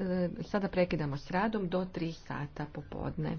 E, sada prekidamo s radom do 3 sata popodne.